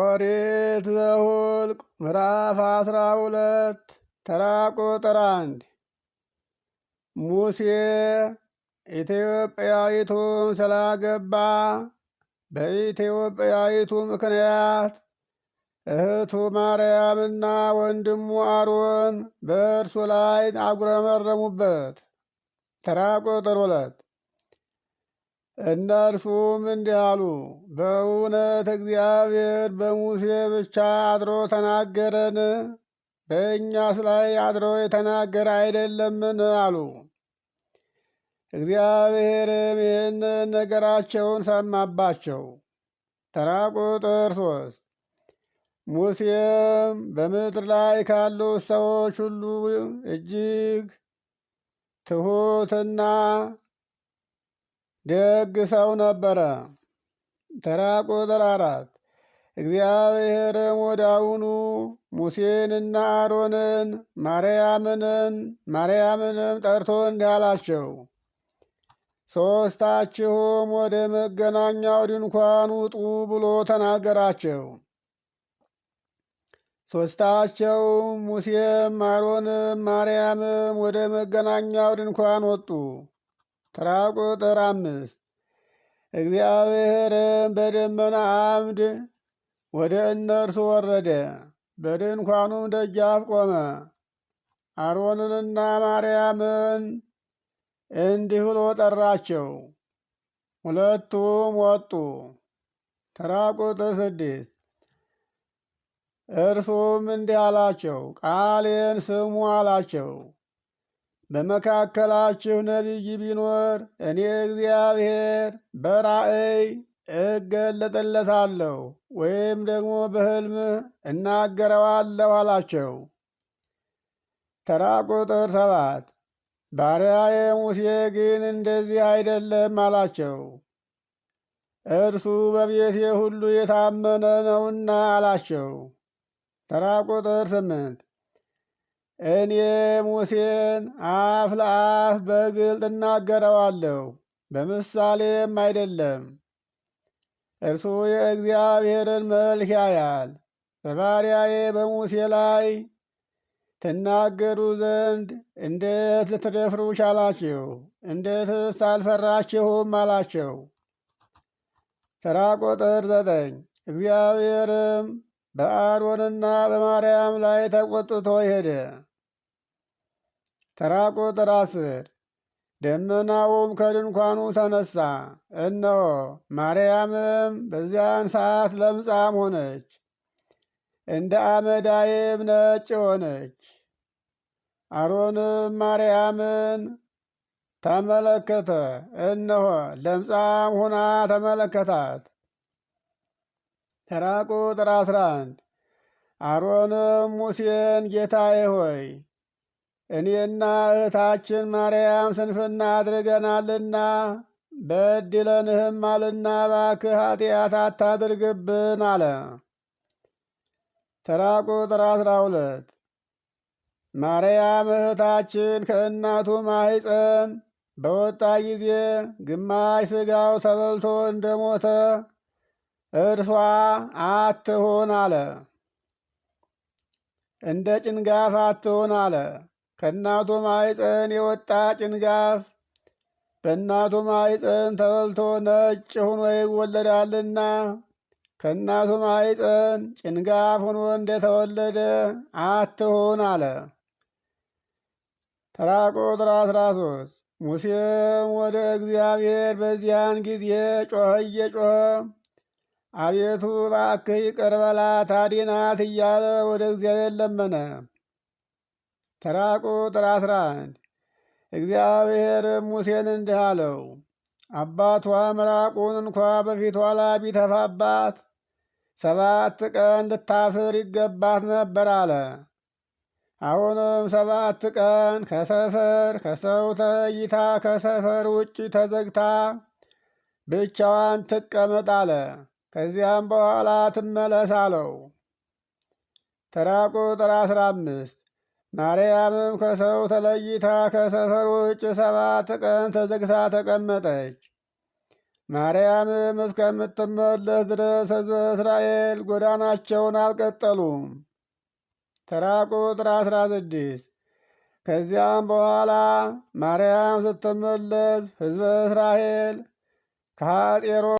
ኦሪት ዘኍልቍ ምዕራፍ አስራ ሁለት ተራ ቁጥር አንድ ሙሴ ኢትዮጵያዊቱን ስላገባ በኢትዮጵያዊቱ ምክንያት እህቱ ማርያምና ወንድሙ አሮን በእርሱ ላይ አጉረመረሙበት። ተራ ቁጥር ሁለት እነርሱም እንዲህ አሉ፣ በእውነት እግዚአብሔር በሙሴ ብቻ አድሮ ተናገረን? በእኛስ ላይ አድሮ የተናገረ አይደለምን? አሉ። እግዚአብሔርም ይህን ነገራቸውን ሰማባቸው። ተራ ቁጥር ሶስት ሙሴም በምድር ላይ ካሉት ሰዎች ሁሉ እጅግ ትሑትና ደግ ሰው ነበረ። ተራ ቁጥር አራት እግዚአብሔርም ወዳውኑ ሙሴንና አሮንን ማርያምንን ማርያምንም ጠርቶ እንዳላቸው። ሦስታችሁም ወደ መገናኛው ድንኳን ውጡ ብሎ ተናገራቸው። ሦስታቸውም ሙሴም፣ አሮንም ማርያምም ወደ መገናኛው ድንኳን ወጡ። ተራ ቁጥር አምስት እግዚአብሔርም በደመና አምድ ወደ እነርሱ ወረደ፣ በድንኳኑም ደጃፍ ቆመ። አሮንንና ማርያምን እንዲህ ብሎ ጠራቸው። ሁለቱም ወጡ። ተራ ቁጥር ስድስት እርሱም እንዲህ አላቸው፣ ቃሌን ስሙ አላቸው። በመካከላችሁ ነቢይ ቢኖር እኔ እግዚአብሔር በራእይ እገለጠለታለሁ ወይም ደግሞ በሕልም እናገረዋለሁ አላቸው። ተራ ቁጥር ሰባት ባሪያዬ ሙሴ ግን እንደዚህ አይደለም አላቸው። እርሱ በቤቴ ሁሉ የታመነ ነውና አላቸው። ተራ ቁጥር ስምንት እኔ ሙሴን አፍ ለአፍ በግልጥ እናገረዋለሁ፣ በምሳሌም አይደለም። እርሱ የእግዚአብሔርን መልክ ያያል። በባሪያዬ በሙሴ ላይ ትናገሩ ዘንድ እንዴት ልትደፍሩ ቻላችሁ? እንዴትስ አልፈራችሁም? አላቸው። ተራ ቁጥር ዘጠኝ እግዚአብሔርም በአሮንና በማርያም ላይ ተቆጥቶ ሄደ። ተራ ቁጥር አስር ደመናውም ከድንኳኑ ተነሳ፣ እነሆ ማርያምም በዚያን ሰዓት ለምጻም ሆነች፣ እንደ አመዳይም ነጭ ሆነች። አሮንም ማርያምን ተመለከተ፣ እነሆ ለምጻም ሆና ተመለከታት። ተራ ቁጥር አስራ አንድ አሮንም ሙሴን ጌታዬ ሆይ እኔና እህታችን ማርያም ስንፍና አድርገናልና በድለንህም አልና እባክህ ኃጢአት አታድርግብን አለ። ተራ ቁጥር አስራ ሁለት ማርያም እህታችን ከእናቱ ማኅፀን በወጣ ጊዜ ግማሽ ሥጋው ተበልቶ እንደሞተ እርሷ አትሆን አለ። እንደ ጭንጋፍ አትሆን አለ። ከእናቱ ማይፀን የወጣ ጭንጋፍ በእናቱ ማይፀን ተበልቶ ነጭ ሆኖ ይወለዳልና ከእናቱ ማይፀን ጭንጋፍ ሆኖ እንደተወለደ አትሆን አለ። ተራ ቁጥር አስራ ሶስት ሙሴም ወደ እግዚአብሔር በዚያን ጊዜ ጮኸ እየጮኸ አቤቱ እባክህ ይቅር በላት አድናት እያለ ወደ እግዚአብሔር ለመነ። ተራ ቁጥር አስራ አንድ ሙሴን እንዲህ አለው አባቷ ምራቁን እንኳ በፊቷ ላይ ቢተፋባት ሰባት ቀን እንድታፍር ይገባት ነበር አለ። አሁንም ሰባት ቀን ከሰፈር ከሰው ተይታ ከሰፈር ውጭ ተዘግታ ብቻዋን ትቀመጥ አለ። ከዚያም በኋላ ትመለስ አለው። ተራ ቁጥር አስራ አምስት ማርያምም ከሰው ተለይታ ከሰፈር ውጭ ሰባት ቀን ተዘግታ ተቀመጠች። ማርያምም እስከምትመለስ ድረስ ሕዝበ እስራኤል ጎዳናቸውን አልቀጠሉም። ተራ ቁጥር አስራ ስድስት ከዚያም በኋላ ማርያም ስትመለስ ሕዝበ እስራኤል ከሐጼሮ